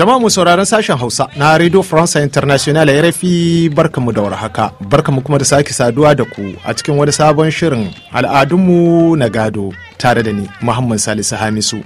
Jama'a mu sauraron sashen Hausa na Radio France International ya rafi barkanmu da warhaka. mu kuma da sake saduwa da ku a cikin wani sabon shirin al'adunmu na gado tare da ni Muhammad Salisu Hamisu.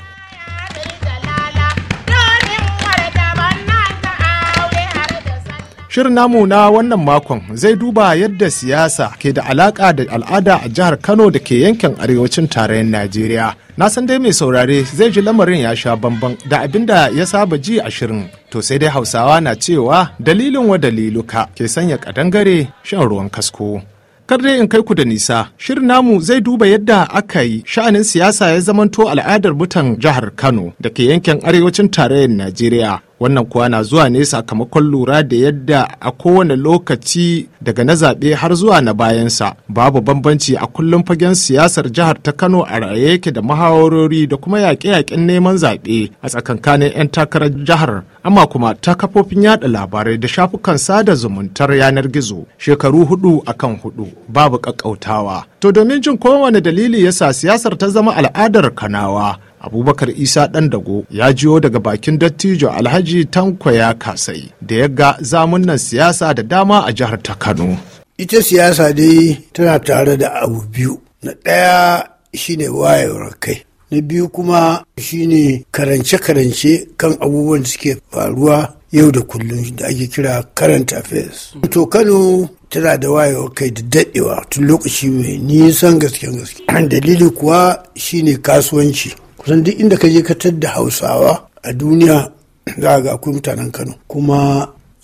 Shirin namu na wannan makon zai duba yadda siyasa ke da alaka da al'ada a jihar Kano da ke yankin arewacin tarayyar Najeriya. Na san dai mai saurare zai ji lamarin ya sha bamban da abin da ya saba ji a shirin. To sai dai Hausawa na cewa dalilin wa daliluka ke sanya kadangare shan ruwan kasko. kar dai in kai ku da nisa shirin namu zai duba yadda aka yi sha'anin siyasa ya zamanto al'adar mutan jihar kano da ke yankin arewacin tarayyar najeriya Wannan kuwa na zuwa ne sakamakon lura da yadda a kowane lokaci daga na zaɓe har zuwa na bayansa babu bambanci a kullum fagen siyasar jihar ta Kano a raye yake da mahawarori da kuma yaƙe-yaƙen neman zaɓe a tsakankanin 'yan takarar jihar amma kuma ta kafofin yada labarai da shafukan sada zumuntar yanar gizo shekaru hudu akan hudu babu ƙaƙƙautawa. To domin jin kowane dalili yasa siyasar ta zama al'adar Kanawa abubakar isa ɗan dago ya jiyo daga bakin dattijo alhaji tanko ya kasai da ya ga zamunan siyasa da dama a jihar ta kano ita siyasa dai tana tare da abu biyu na ɗaya shine wayewar kai na biyu kuma shine karance-karance kan abubuwan da suke faruwa yau da kullum da ake kira current affairs to kano tana da wayewar kai da daɗewa tun lokaci mai nisan gaske gaske dalili kuwa shine kasuwanci kusan duk inda ka je ka tadda hausawa a duniya za ga akwai mutanen kano kuma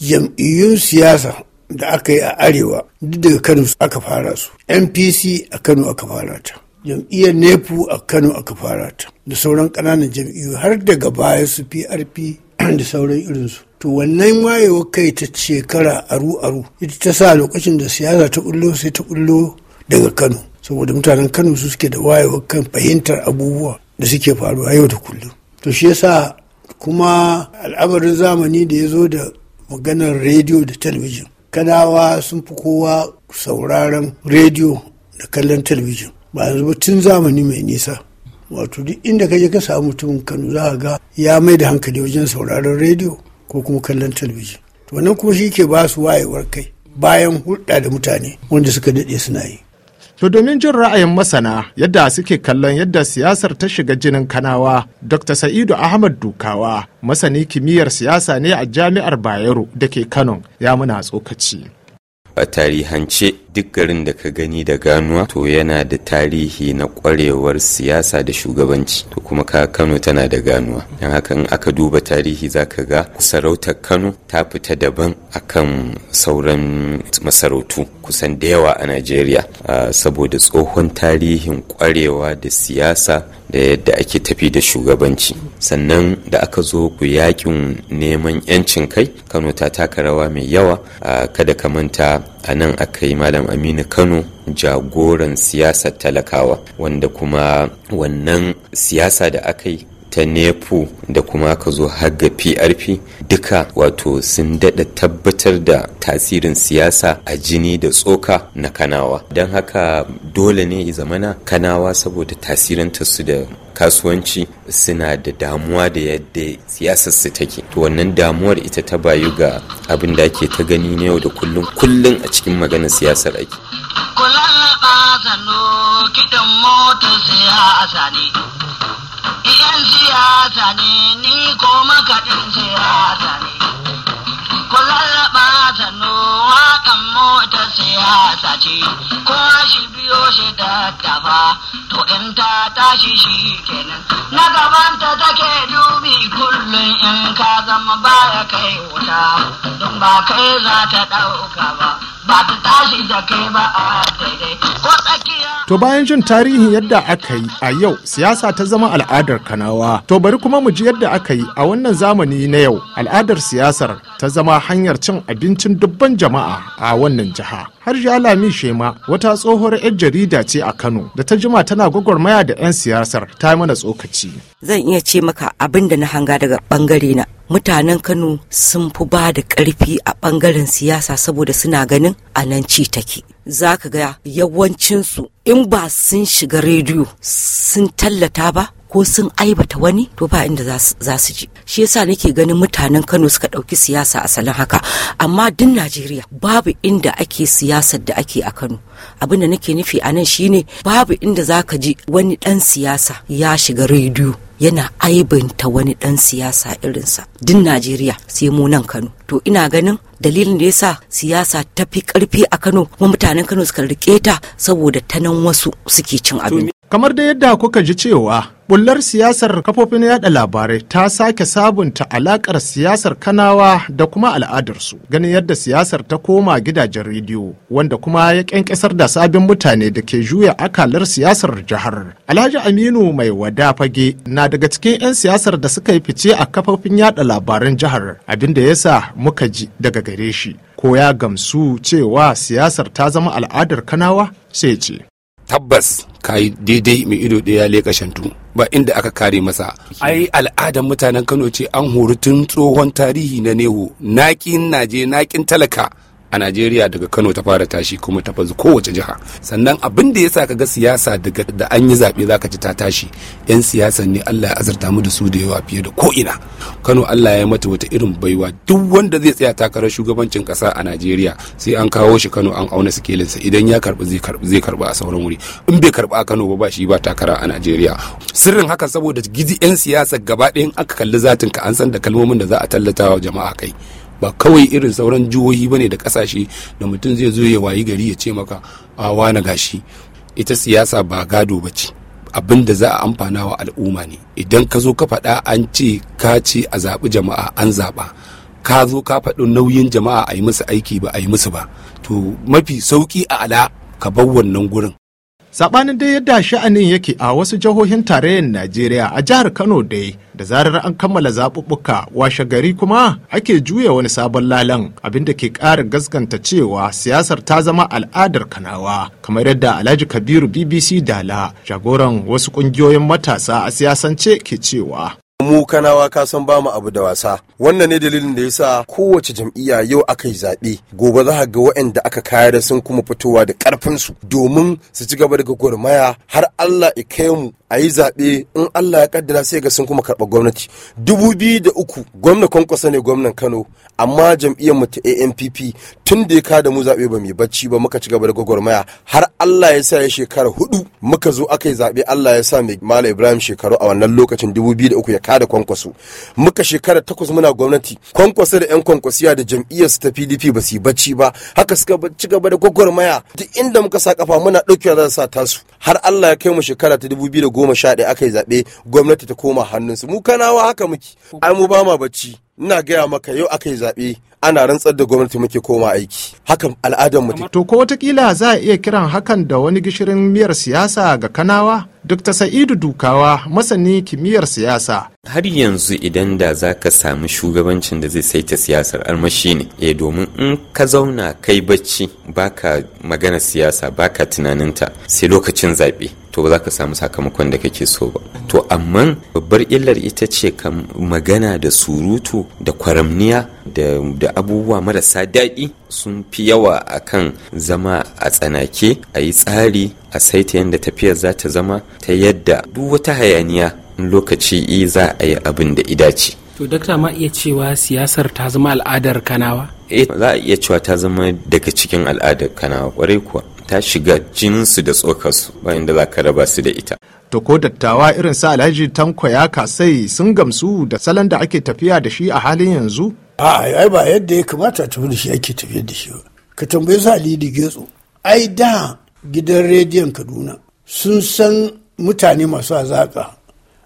jam'iyyun siyasa da aka yi a arewa duk daga kano aka fara su npc a kano aka fara ta jam'iyyar nepu a kano aka fara ta da sauran ƙananan jam'iyyu har daga baya su prp da sauran irinsu to wannan wayewar kai ta shekara aru-aru ita ta sa lokacin da siyasa ta ullo sai ta ullo daga kano saboda mutanen kano su suke da wayewar kan fahimtar abubuwa da suke faruwa yau da kullum to shi yasa kuma al'amarin zamani da ya zo da maganar rediyo da talabijin kadawa sun fi kowa sauraron rediyo da kallon talabijin ba yanzu ba tun zamani mai nisa wato duk inda kaje ka samu mutumin kano za ka ga ya mai da hankali wajen sauraron rediyo ko kuma kallon talabijin to wannan kuma shi ke ba su wayewar kai bayan hulɗa da mutane wanda suka daɗe suna yi To domin jin ra'ayin masana yadda suke kallon yadda siyasar ta shiga jinin kanawa, Dr. Sa'idu Ahmad Dukawa, masani kimiyyar siyasa ne a Jami'ar Bayero da ke Kano, ya muna tsokaci. A tarihance duk garin da ka gani da ganuwa to yana da tarihi na kwarewar siyasa da shugabanci to kuma ka kano tana da ganuwa don haka in aka duba tarihi za ka ga sarautar kano ta fita daban a kan sauran masarautu kusan da yawa a najeriya saboda tsohon tarihin kwarewa da siyasa da yadda ake tafi da shugabanci sannan da aka zo ku yakin neman 'yancin kai kano ta taka rawa mai yawa kada ka manta a nan aka yi malam aminu kano jagoran siyasar talakawa wanda kuma wannan siyasa da aka yi ta nepu da kuma ka zo haga prp duka wato sun daɗa tabbatar da tasirin siyasa a jini da tsoka na kanawa don haka dole ne ya zamana kanawa saboda tasirinta su da kasuwanci suna da damuwa da yadda siyasar su take to wannan damuwar ita ta bayu ga abin da ake ta gani na yau da kullum kullum a cikin maganar siyasar ake kiɗan motar yan siyasa ne ni ko makaɗin siyasa ne ku lallaba sannu waƙan mota siyasa ce ko shi biyo shi dattafa to in ta tashi shi kenan na gabanta take dubi kullum in ka zama baya kai wuta don ba kai za ta ɗauka ba To bayan jin tarihin yadda aka yi a yau siyasa ta zama al'adar kanawa. To bari kuma mu ji yadda aka yi a wannan zamani na yau al'adar siyasar ta zama hanyar cin abincin dubban jama'a a wannan jiha. har Lami shema wata tsohuwar 'yar jarida ce a kano da ta jima tana gwagwarmaya da 'yan siyasar ta yi mana tsokaci zan iya ce maka abin da na hanga daga bangare na mutanen kano sun fi ba da karfi a bangaren siyasa saboda suna ganin a nan ci take za ka ga yawancinsu in ba sun shiga rediyo sun tallata ba ko sun aibata wani to ba inda za su ji shi yasa nake ganin mutanen Kano suka ɗauki siyasa asalin haka amma duk Najeriya babu inda ake siyasar da ake a Kano abin da nake nufi a nan shine babu inda zaka ka ji wani ɗan siyasa ya shiga rediyo yana aibinta wani ɗan siyasa irinsa din najeriya sai mu nan kano to ina ganin dalilin da yasa siyasa ta fi karfi a kano kuma mutanen kano suka riƙe ta saboda ta nan wasu suke cin abinci kamar da yadda kuka ji cewa bullar siyasar kafofin yaɗa labarai ta sake sabunta alaƙar siyasar kanawa da kuma al'adarsu ganin yadda siyasar ta koma gidajen rediyo wanda kuma ya kyankyasar da sabin mutane da ke juya akalar siyasar jihar alhaji aminu mai wada fage na daga cikin 'yan siyasar da suka yi fice a kafofin yaɗa labaran jihar abin da yasa muka ji daga gare shi ko ya gamsu cewa siyasar ta zama al'adar kanawa sai ce tabbas ka yi daidai mai ido ɗaya leƙa shantu ba inda aka kare masa ai al'adar mutanen kano ce an hori tun tsohon tarihi na nehu naƙin naje naƙin talaka a najeriya daga kano ta fara tashi kuma ta fazu kowace jiha sannan abin da yasa kaga siyasa daga da an yi zaɓe zaka ci ta tashi yan siyasa ne allah ya azurta mu da su da yawa fiye da ko ina. kano allah ya mata wata irin baiwa duk wanda zai tsaya takarar shugabancin kasa a najeriya sai an kawo shi kano an auna sikelinsa idan ya karbi zai karbi zai karbi a sauran wuri in bai karbi a kano ba ba shi ba takara a najeriya sirrin haka saboda gizi yan siyasa gaba ɗayan aka kalli zatin ka an san da kalmomin da za a tallata wa jama'a kai ba kawai irin sauran jihohi bane da kasashe da mutum zai zo ya wayi gari ya ce maka a wane gashi ita siyasa ba gado ba ce abin da za a amfana wa al'umma ne idan ka zo ka faɗa an ce ka ce a zaɓi jama'a an zaɓa ka zo ka faɗi nauyin jama'a a yi musu aiki ba a yi musu ba to mafi sauƙi a ala ka bar wannan gurin Saɓanin dai yadda sha'anin yake a wasu jihohin tarayyar Najeriya a jihar Kano dai da zarar an kammala zaɓuɓɓuka washe gari kuma ake juya wani sabon lalan abin da ke ƙara gaskanta cewa siyasar ta zama al'adar kanawa kamar yadda alhaji kabiru bbc dala jagoran wasu ƙungiyoyin matasa a siyasance ke cewa mu kanawa ka san ba mu abu da wasa wannan ne dalilin da yasa kowace jam'iyya yau aka yi zaɓe gobe za ga waɗanda aka kaya da sun kuma fitowa da ƙarfin su domin su ci gaba da gwagwarmaya har Allah ya kai mu a yi zaɓe in Allah ya kaddara sai ga sun kuma karɓa gwamnati dubu biyu da uku gwamna kwankwasa ne gwamnan Kano amma jam'iyyar mu ta ANPP tun da ya ka da mu zaɓe ba mu bacci ba muka ci gaba da gwagwarmaya har Allah ya sa ya shekara hudu muka zo aka yi zaɓe Allah ya sa mai Malam Ibrahim shekaru a wannan lokacin dubu biyu da uku ya tada kwankwaso muka shekara takwas muna gwamnati kwankwaso da yan kwankwasiya da jam'iyyarsu ta pdp ba su yi bacci ba haka suka ci gaba da gwagwarmaya duk inda muka sa kafa muna ɗaukewa za sa tasu har allah ya kai mu shekara ta dubu biyu da goma sha ɗaya aka yi zaɓe gwamnati ta koma hannunsu mu kanawa haka muke ai mu ba ma bacci ina gaya maka yau aka yi zaɓe ana rantsar da gwamnati muke koma aiki hakan al'adar mutum. to ko watakila za a iya kiran hakan da wani gishirin miyar siyasa ga kanawa dr sa'idu dukawa masani kimiyyar siyasa har yanzu idan da za ka samu shugabancin da zai saita siyasar armashi ne eh domin in ka zauna kai bacci baka magana siyasa baka tunaninta sai lokacin zaɓe to ba za ka samu sakamakon da kake so ba to amma babbar illar ita ce magana da surutu da kwaramniya da abubuwa marasa daɗi sun fi yawa a kan zama a tsanake a yi tsari a saita yadda tafiyar za ta zama ta yadda duk wata hayaniya lokaci za a yi abin da idaci to dakta ma iya cewa siyasar ta zama al'adar kanawa eh, za a iya cewa ta zama daga cikin al'adar kanawa kwarai kuwa ta shiga jininsu da tsokarsu bayan da za ka raba su da ita. To ko dattawa irin sa Alhaji Tanko ya kasai sun gamsu da salon da ake tafiya da shi a halin yanzu? A'a, ai ba yadda ya kamata tafi da shi ake tafiya da shi ba. Ka tambayi sa da Getso. Ai da gidan rediyon Kaduna sun san mutane masu azaka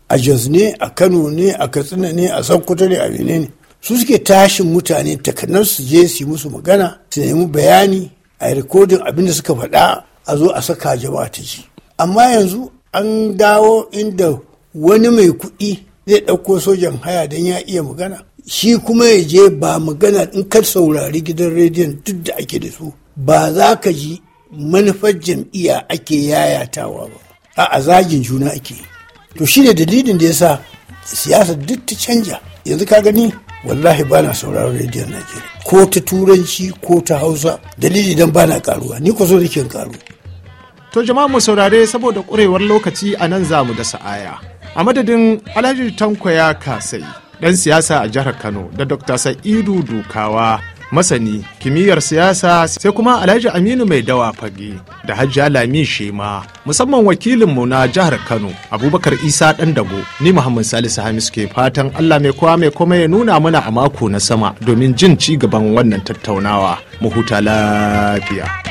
a Jos ne, a Kano ne, a Katsina ne, a Sokoto ne, a Benin ne. Su suke tashin mutane takanar su je su yi musu magana, su nemi bayani, a yi rikodin abin da suka faɗa a zo a saka jama'a ta ji amma yanzu an dawo inda wani mai kuɗi zai ɗauko sojan haya don ya iya magana shi kuma ya je ba magana in ka saurari gidan rediyon duk da ake da su ba za ka ji manufar jam'iyya ake yayatawa ba a zagin juna ake to shi ne dalilin da ya sa siyasa duk ta canja yanzu ka gani wallahi bana sauraron rediyon najeriya ko ta turanci ko ta hausa dalili dan bana karuwa ni ko so da karu to jama'a mu saurare saboda kurewar lokaci a nan zamu da sa'aya a madadin alhaji tanko ya kasai dan siyasa a jihar kano da dr sa'idu dukawa masani kimiyyar siyasa sai kuma alhaji aminu mai dawa fage da hajji lami shema musamman wakilinmu na jihar kano abubakar isa dan dago ni muhammad salisu Hamisu ke fatan allah mai kowa mai kuma ya nuna mana a mako na sama domin jin ci gaban wannan tattaunawa mu huta lafiya